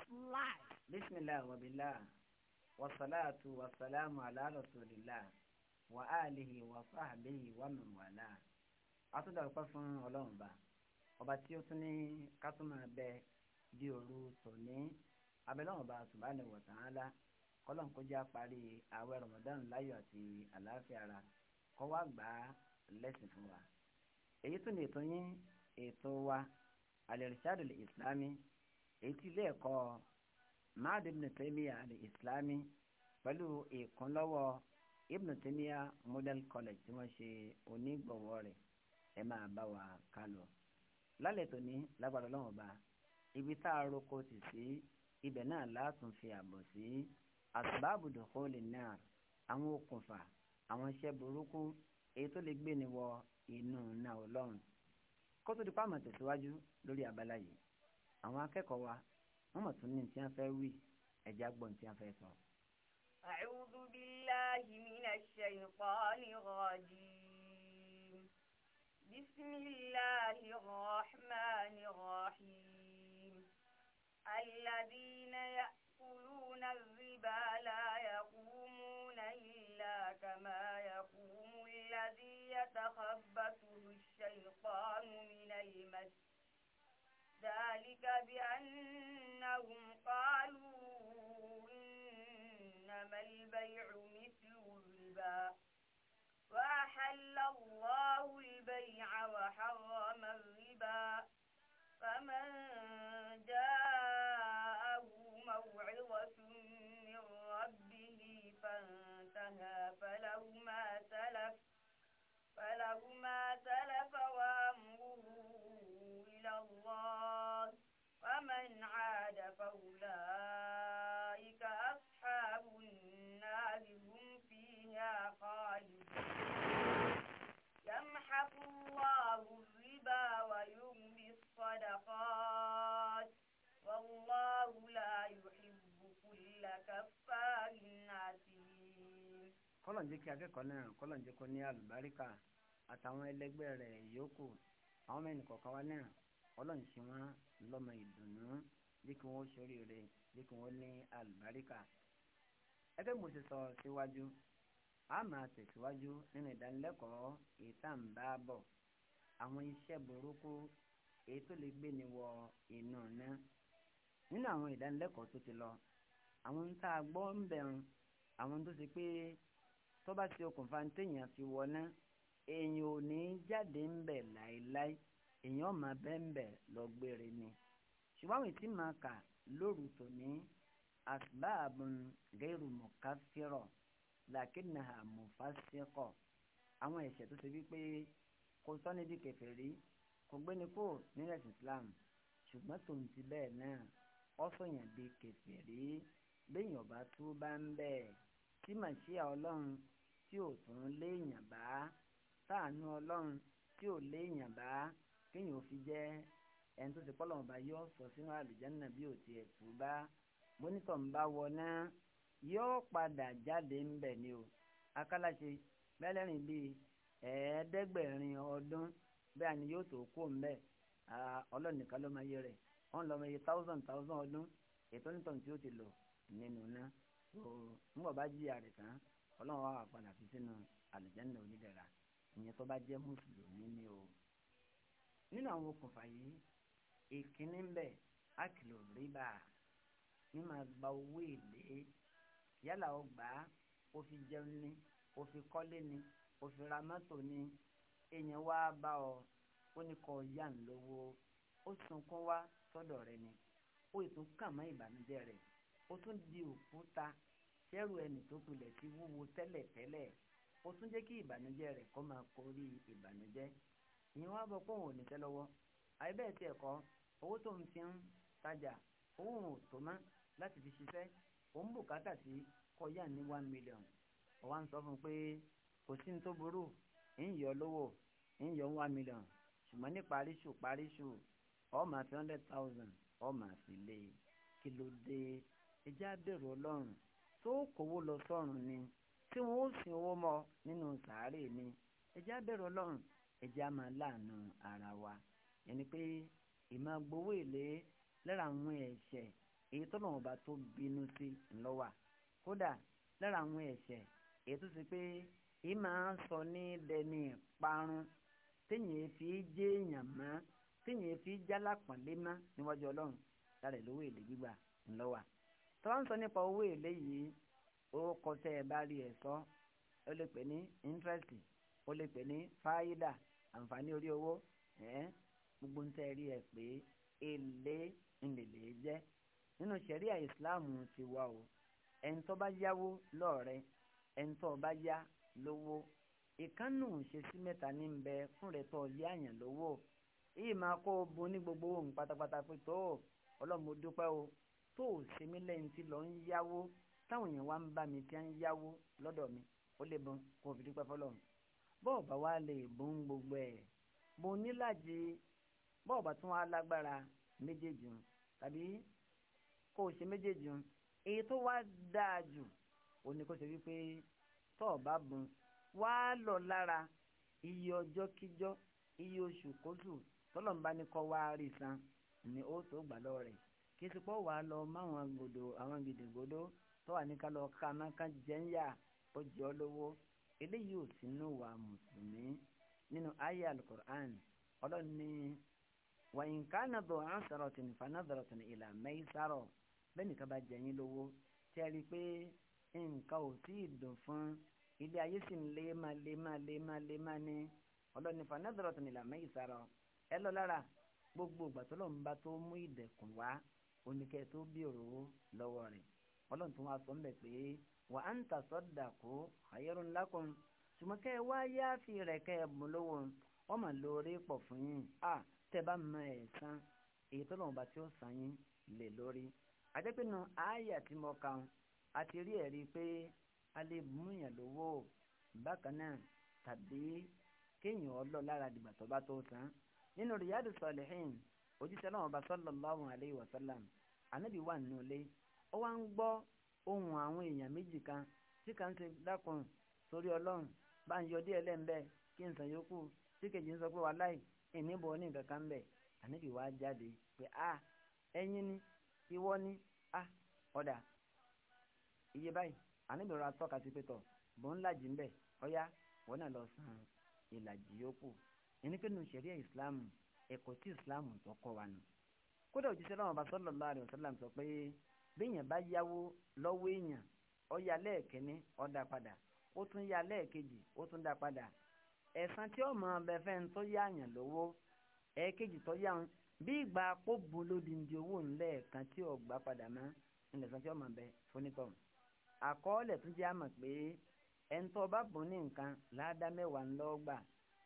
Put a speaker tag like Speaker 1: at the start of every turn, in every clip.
Speaker 1: his life. bisimilah wabilah wasalaatu wasalaamu ala rasulillah wa alihi wa sahbihi wa man wala. a tún dàgbà fún ọlọ́run bá ọba tí ó tún ní ká tún máa bẹ di òru tòní abẹ́lẹ́wọ̀n bá subhanahu wa ta'ala kọ́lọ́n kó já parí àwẹ̀ Ramadan láyọ̀ àti àlàáfíà ara kọ́ wá gbà á lẹ́sìn fún wa. èyí tún ní ètò yín ètò wa al-irshad al eti ilé ẹ̀kọ́ Ma'had ibn Taymiyyah al-Islami pẹ̀lú ìkúnlọ́wọ́ ibn Taymiyyah Model College tí wọ́n ṣe onígbọ̀wọ́ rẹ̀ ẹ máa bá wa ká lọ. lálẹ́ tòní lágbára ọlọ́run ọba ibi tá a roko sì sí ibẹ̀ náà látún fi àbọ̀ sí asbabu dukhuli nnar àwọn okùnfà àwọn iṣẹ́ burúkú èyí tó lè gbé ni wọ inú náà ọlọ́run kó tó di pàmò tẹ̀síwájú lórí abala yìí àwọn akẹ́kọ̀ọ́ wa wọ́n mọ̀ tún ní tí wọ́n fẹ́ wí ẹ̀já gbọ́n tí wọ́n fẹ́ sọ.
Speaker 2: A'udhu billahi minash shaytani rajim. Bismillahi rahmani rahim. Alladhina ya'kuluna riba la yaqumuna illa kama yaqumu alladhi yatakhabbathu ash-shaytanu minal mas. ذلك بأنهم قالوا إنما البيع مثل الربا وأحل الله البيع وحرم الربا فمن جاءه موعظة من ربه فانتهى
Speaker 1: kọ́lọ̀ ń jẹ́ kí akẹ́kọ̀ọ́ náà kọ́lọ̀ ń jẹ́ kó ní àlùbáríkà àtàwọn ẹlẹgbẹ́ rẹ̀ yòókù àwọn mẹ́rin kọ̀ọ̀kan wá náà kọ́lọ̀ ń ṣe wọ́n lọ́mọ ìdùnnú bí kí wọ́n ṣoríire bí kí wọ́n ní àlùbáríkà. ẹgbẹ́ mo ti sọ síwájú a máa tẹ̀síwájú nínú ìdánilẹ́kọ̀ọ́ ìtàǹbáàbọ̀ àwọn iṣẹ́ burúkú èyí tó lè gbé ni wọ inú ná nínú àwọn ìdánilẹ́kọ̀ọ́ tó ti lọ àwọn tá a gbọ́ ń bẹ̀rùn àwọn tó ṣe pé tó bá ti okùnfà téèyàn fi wọná èèyàn ò ní jáde ń bẹ̀ láéláé èèyàn máa bẹ́ ń bẹ̀ lọ́gbére ni ṣùgbọ́n àwọn ìtì máa kà lóru tòní asbáàbùn gẹ́rù mọ̀káfírọ̀ làkínàhà mọ̀fásíkọ̀ àwọn ẹ̀ṣẹ̀ tó ṣe wípé kò sọ́ni di kèfèrí kò gbéni kúrò nílẹ̀ Islam ṣùgbọ́n tòun ti bẹ́ẹ̀ náà ọ̀sọ̀yàn di kèfèrí béèyàn bá tú bá ń bẹ́ẹ̀ tí màṣíà ọlọ́run tí ò tún léèyàn bá sáànù ọlọ́run tí ò léèyàn bá kéèyàn ò fi jẹ́ ẹni tó ti pọ́lọ̀ ọba yóò sọ sínú àlùjánnà bí ò tiẹ̀ tó bá mọ́nítọ̀ ń bá wọ náà yóò padà jáde ń bẹ̀ ni o akálàṣe mẹ́lẹ́rìn bíi ẹ̀ẹ́dẹ́gbẹ̀rin ọdún bẹ́ẹ̀ ni yóò tó kó ń bẹ̀ ọlọ́nìkan ló máa yé rẹ̀ wọ́n lọ mọ iye thousand thousand ọdún ètò onítọ̀hún tí ó ti lò nínú náà so ń bọ̀ bá jí àrè tán ọlọ́run wà padà fi sínú àlùjánnà onídẹ̀ra ìyẹn tó bá jẹ́ mùsùlùmí ni o. nínú àwọn okùnfà yìí ìkíní ń bẹ akìlò rìbá mímà gba owó èlé yálà ó ó fi jẹun ni ó fi kọ́lé ni ó fi ra mọ́tò ni èèyàn wá bá ọ ó ní kó yá ń lówó ó sunkún wá sọ́dọ̀ rẹ ni ó ìtún kàn mọ́ ìbànújẹ́ rẹ̀ ó tún di òkúta kẹ́rù ẹnì tó kulẹ̀ ti wúwo tẹ́lẹ̀tẹ́lẹ̀ ó tún jẹ́ kí ìbànújẹ́ rẹ̀ kó máa korí ìbànújẹ́ ìyẹn wá bọ́ pọ́n òní tẹ́ lọ́wọ́ àìbẹ́ẹ̀ tí ẹ̀kọ́ owó tó ń fi ń tajà owó òun ò tó mọ́ láti fi ṣiṣẹ́ òun bùkátà sí kọjá ní one million ọ̀wá ń sọ fún un pé kò sí ní tó burú ń yọ lówó ń yọ one million ṣùgbọ́n ní paríṣù paríṣù ọmọ àti hundred thousand ọmọ àti lè kí ló dé ẹjẹ́ àbẹ̀rù ọlọ́run tó kówó lọ sọ́run ni tí wọ́n ó sin owó mọ́ nínú sàárè ni ẹjẹ́ abẹ́rẹ́ ọlọ́run ẹjẹ́ a máa láàánú ara wa yẹn ni pé ìmọ̀ gbowó èlé lára àwọn ẹ̀ṣẹ̀ èyí tó lọ́wọ́ bá tó bínú sí ńlọ́wà kódà lára àwọn ẹ̀ṣẹ̀ èyí tó ṣe pé èyí máa ń sọ ní dẹni parun téèyàn fi jẹ́ mọ́ téèyàn fi jálá pọ̀nlé mọ́ níwájú ọlọ́run lára ìlówó èlé gbígbà ńlọ́wà tó bá ń sọ nípa owó èlé yìí owó kọtẹ ẹ bá rí ẹ sọ ó lè pè ní interest ó lè pè ní fáyídà àǹfààní orí owó gbogbo ń tẹ́ rí ẹ pé èlé ńlẹ̀lẹ̀ jẹ́ nínú ṣẹ̀ríà ìsìláàmù ti wá o ẹni tó bá yáwó lọ́ọ̀rẹ́ ẹni tó bá yá lówó ìkánnù ṣe sí mẹ́ta ní bẹ fún rẹ̀ tó yá àyàn lówó èyí máa kó o bu ní gbogbo ohun pátápátá pé tó ọlọ́mọdúpẹ́ o tó ò ṣe mí lẹ́yìn tí lọ ń yáwó táwọn èèyàn wá ń bá mi tí à ń yáwó lọ́dọ̀ mi ó lè bọ́n kó fi dúpẹ́ fọlọ́run bọ́ọ̀ bá wá lè bọ́n gbogbo ẹ̀ mo níláàjì bọ́ọ̀ bá tún wá lágbára méjèèjì ń tàbí kó o ṣe méjèèjì ń èyí tó wá dáa jù ò ní kó ṣe wípé tọ́ọ̀ bá bọ́n wá lọ lára iye ọjọ́ kíjọ́ iye oṣù kóṣù tọ́lọ́mbá ní rí san ni ó tó gbà lọ́rẹ̀ẹ́ kí sípò wà á lọ máwọn gbòdò àwọn gidigbodò tó wà ní ká lọ ka má ká jẹ́ ń yà ó jẹ́ ọ lówó eléyìí ò sí inú wa mùsùlùmí nínú ayé alukur'an ọlọ́run ní wàyìn kánà bò án sọ̀rọ̀ tìǹ fana sọ̀rọ̀ tìǹ ìlà mẹ́yì sárọ̀ bẹ́ẹ̀ nìkan bá jẹ́ yín lówó tí a rí i pé nǹkan ò ilé ayé sì ń léma léma léma léma ní ọlọ́run ní fana sọ̀rọ̀ tìǹ ìlà mẹ́yì sárọ̀ ẹ gbogbo ìgbà tó tó mú ìdẹ̀kùn wá oníkẹ́ tó bí òróró lọ́wọ́ rẹ̀ ọlọ́run tó wáá sọ ń bẹ̀ wa an tasaddaqu khayrun lakum ṣùgbọ́n kẹ́ ẹ wá yááfì rẹ̀ kẹ́ ẹ bùn lówó wọ́n mà lórí pọ̀ fún yín à tẹ́ san èyí tó lọ́wọ́ bá tí ó san yín lè lórí. àjẹpẹ́nu àáyà tí mo ti rí ẹ̀rí pé a lè lówó bákan náà tàbí kéèyàn ọlọ́ san nínú ojúṣe náà ọba sallallahu alayhi wa sallam anabi wà nínú ilé ó wá ń gbọ́ ohùn àwọn èèyàn méjì kan tí kan ṣe dákun sórí ọlọ́run bá ń yọ díẹ̀ lẹ́ńbẹ́ kí n sàn yókù tí kejì ń sọ pé wàláì èmi bọ̀ ní nǹkan kan bẹ̀ anabi wá jáde pé a ẹyin ni ìwọ ni a ọ̀dà iye báyìí anabi rọra tọ́ka sí pé tọ̀ bọ́n ńlá jì ń bẹ̀ ọ̀yá wọn náà lọ sàn ìlàjì yókù ẹni pé nù sẹ̀ríà ìsìlámù ẹ̀kọ́ tí islam tó kọ́ wa nù kódà òjíṣẹ́ lọ́wọ́ bá sallallahu alaihi wasallam sọ pé béèyàn bá yáwó lọ́wọ́ èèyàn ó yá lẹ́ẹ̀kẹ́ni ó dá padà ó tún yá lẹ́ẹ̀kejì ó tún dá padà ẹ̀san tí ó mọ abẹ́fẹ́ ń tó yá àyàn lówó ẹ̀ẹ́kejì tó yá bí ìgbà pọ̀ bu lódìndí owó ńlẹ̀ kan tí ò gbà padà mọ́ ẹ̀san tí ó mọ abẹ́ fúnitọ̀ àkọọ́lẹ̀ tún jẹ́ àmọ̀ pé ẹ̀ńtọ́ bá bùn ní nǹkan ládàá mẹ́wàá ńlọ́gbà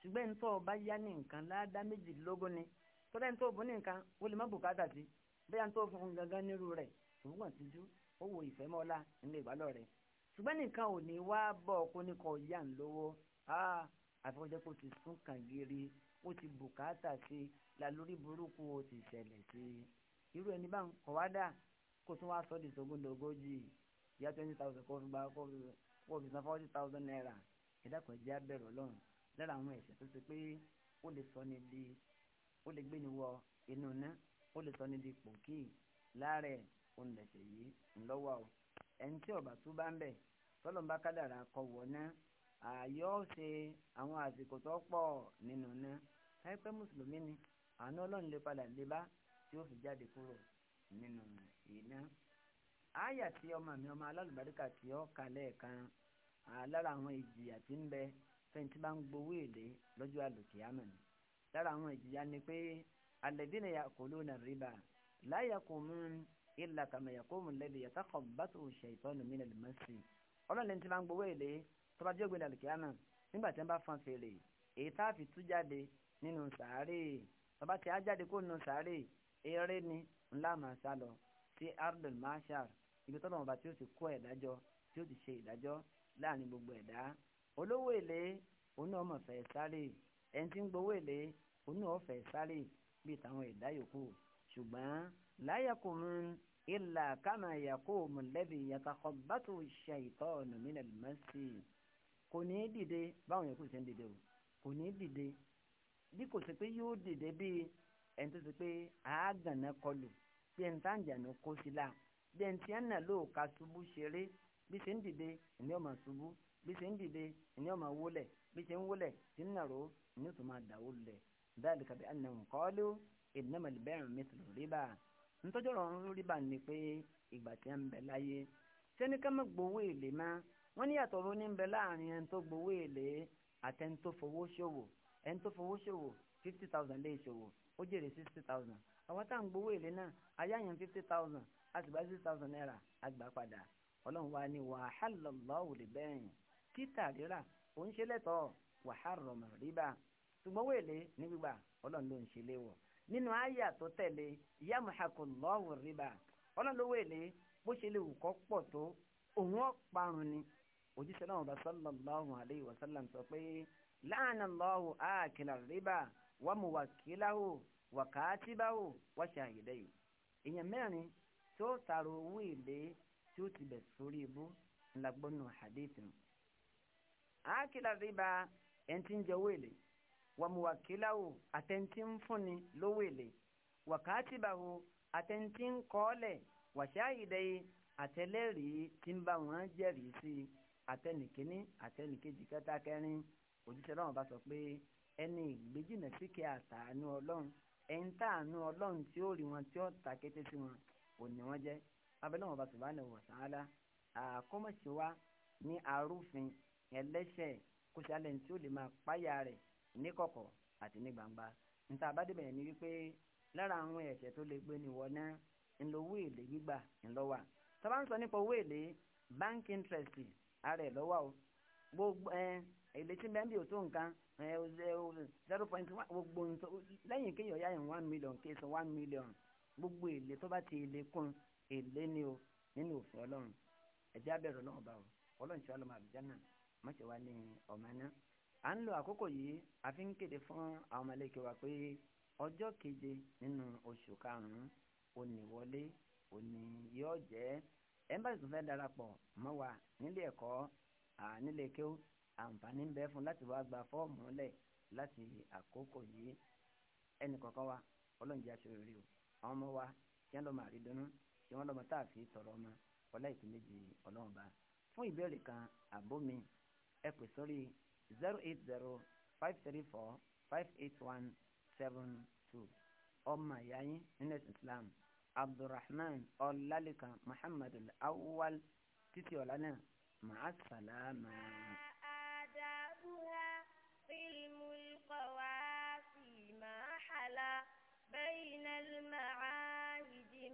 Speaker 1: ṣùgbọ́n ní tó o bá yá ní nǹkan ládá méjìlélógún ni tọ́lá ní tó o bọ́ ní nǹkan o lè má bùkátà sí bẹ́ẹ̀ ní tó o fún gangan nírú rẹ̀ ṣùgbọ́n tìjú ó wo ìfẹ́ mọ́lá nílé ìbálò rẹ̀ ṣùgbọ́n nìkan ò ní wá bọ̀ kó ní kọ yá ń lówó àfọwọ́jẹ́ kó ti sún kàn gírí ó ti bùkátà sí lálórí burúkú ó ti ṣẹlẹ̀ sí irú ẹni bá ń kọ̀ wá dà kó tún wá sọ di sógúndógójì ìyá forty thousand naira ìdákan jẹ́ abẹ́rẹ́ ọlọ́run lára àwọn ẹ̀ṣẹ̀ tó ṣe pé ó lè sọ ni di ó lè gbé ni wọ inú iná ó lè sọ ni di pòkì láàrẹ̀ òǹdẹ̀ṣẹ̀ yìí ńlọ́wọ́ o ẹni tí ọ̀bà tún bá ń bẹ̀ tọ́lọ̀ ń bá kádàrà kọ wọ̀ ná ààyè ó ṣe àwọn àsìkò tó pọ̀ nínú iná láìpẹ́ mùsùlùmí ni àánú ọlọ́run lè padà lè bá tí ó fi jáde kúrò nínú iná àyà tí ọmọ mi ọmọ alálùbáríkà tí ó kalẹ̀ kan lára àwọn ìjìyà tí ń bẹ fẹ́ntì bá ń gbowó èlé lọ́jọ́ àlùkìyàmọ̀ ni lára àwọn ìjìyà ni pé alladhina ya'kuluna riba la yaqumun illa kama yaqumu alladhi yatakhabbathu ash-shaytanu min al-masi ọlọ́ọ̀lẹ́ni tí bá ń gbowó èlé tó bá jókòó àlùkìyàmọ̀ nígbà tí wọ́n bá fọn fèrè èyí tá a fi tú jáde nínú sàárè bàbá tí a jáde kó nínú sàárè eré ni ńlá màá sá lọ sí ardul mashar ibi tọ́lọ́mọba tí ó ti kó ẹ̀dájọ́ tí ó ti ṣe ìdájọ́ láàrin gbogbo ẹ̀dá olówó èlé onú ọmọ fẹ́ sáré ẹni tí ń gbowó èlé onú ọfẹ́ sáré bíi tàwọn ẹ̀dá yòókù ṣùgbọ́n láyàkùnmù ìlà kàmà yàkùnmù lẹ́bi yàtàkọ̀bátò ṣàìtọ́ nùmínà lùmọ́sí kò ní dìde báwọn yòókù ṣe ń dìde o kò ní dìde bí kò sí pé yóò dìde bíi ẹni tó ti pé àágànnà kọlù bí ẹni tá ń jà kó sí la bí ẹni tí ẹ̀ ń nà lóòka ṣubú ṣeré bí ṣe ń dìde ìní ọmọ ṣubú bí ṣe ń dìde ìní ọmọ wólẹ̀ bí ṣe ń wólẹ̀ tí ń nàró ìní tó máa dàwó lulẹ̀ dhalika bi annahum qalu innamal bay'u mithlu riba ntọ́jọ́ rọ̀ ń rí bá ní pé ìgbà tí a ń bẹ láyé sẹ́ni ká má gbowó èlé má wọ́n ní yàtọ̀ ló ń bẹ láàrin ẹni tó gbowó èlé àti ẹni tó fowó ṣòwò ẹni tó fowó ṣòwò fifty thousand lè ṣòwò ó jèrè sixty thousand àwọn tá à ń gbowó èlé náà ayáyàn fifty thousand àtìgbà six thousand naira àgbà padà ọlọ́run wa ni wàhálà lọ́wọ́ lè bẹ́yìn títà rírà ó ń ṣe lẹ́tọ̀ọ́ wa harrama riba ṣùgbọ́n owó èlé ní gbígbà ọlọ́run ló ń ṣe léwọ̀ nínú àyà tó tẹ̀lé yamhaqu Allahu riba ọlọ́run lówó èlé bó ṣe lè wù kó pọ̀ tó òun ọ̀parun ni òjíṣẹ́ náà bá sallallahu alayhi wa sallam sọ pé la'ana Allahu akila riba wa muwakkilahu wa katibahu wa shahidayhi ákìlá rìbá ẹni tí ń jẹ owó èlé wàmùwàkìláwò àtẹ̀ntì ń fúnni lówó èlé wàkátìbáwò àtẹ̀ntì ń kọ́ọ́lẹ̀ wàṣáyìdẹ́ àtẹlẹ́rìí tí ń bá wọn jẹ́rìí sí àtẹnìkíní àtẹnìkejì kẹta kẹrin òjíṣẹ́ ọlọ́run bá sọ pé ẹni ìgbéjìnà síkẹ́ àtàánú ọlọ́run ẹni tàánú ọlọ́run tí ó rí wọn tí ó ta kété sí wọn ò ní wọn jẹ́ abẹ́lẹ́wọ̀n bá subhanahu wa ta'ala àkọ́mọ̀ṣẹ́wá ní arúfin ẹlẹ́ṣẹ̀ kò ṣàlẹ̀ tí ó lè máa páyà rẹ̀ níkọ̀kọ̀ àti ní gbangba níta abádébẹ̀ yẹn ni wípé lára àwọn ẹ̀ṣẹ̀ tó lè gbé ni wọná ńlọwọ́ èlé gbígbà ńlọ́wà tọ́ba ń sọ nípa owó èlé bank interest ara ẹ̀ lọ́wọ́ o gbogbo ẹ èlé tí bẹ́ẹ̀ bí o tó nǹkan zero point one gbogbo lẹ́yìn kéèyàn yá yẹn one million kéèyàn one million gbogbo èlé tó bá ti èlé kún èlé ni o nínú òfin ọlọ́run ẹ̀jẹ̀ abẹ́rẹ́ ọlọ́run bá o ọlọ́run ṣe ọlọ́run àbújá náà mọ̀ṣẹ̀ wá ní ọmọ iná à ń lo àkókò yìí a fi ń kéde fún àwọn ọmọlẹ́kẹ̀ wa pé ọjọ́ keje nínú oṣù karùn-ún oníwọlé òní yóò jẹ́ ẹ̀ńbàṣì tó fẹ́ darapọ̀ mọ́ wa nílé ẹ̀kọ́ nílé kéwú àǹfààní ń bẹ fún láti wá gba fọ́ọ̀mù lẹ̀ láti àkókò yìí ẹnì kọ̀ọ̀kan wa ọlọ́njẹ́ aṣọ rere o àwọn ọmọ wa kí wọ́n lọ máa rí dunnú kí wọ́n lọ máa tá a ọmọ ọlá ìpínlẹ̀ jì ọlọ́run ba fún ìbéèrè kan àbómi ẹ sórí zero eight zero five three four five eight one seven two ọmọ ìyá yín nínú ẹ̀sìn Islam Abdulrahman Ọlálékan Muhammad Awwal títí ọ̀la náà màá sàlámà.
Speaker 2: علم القواسي ما حلا بين المعاني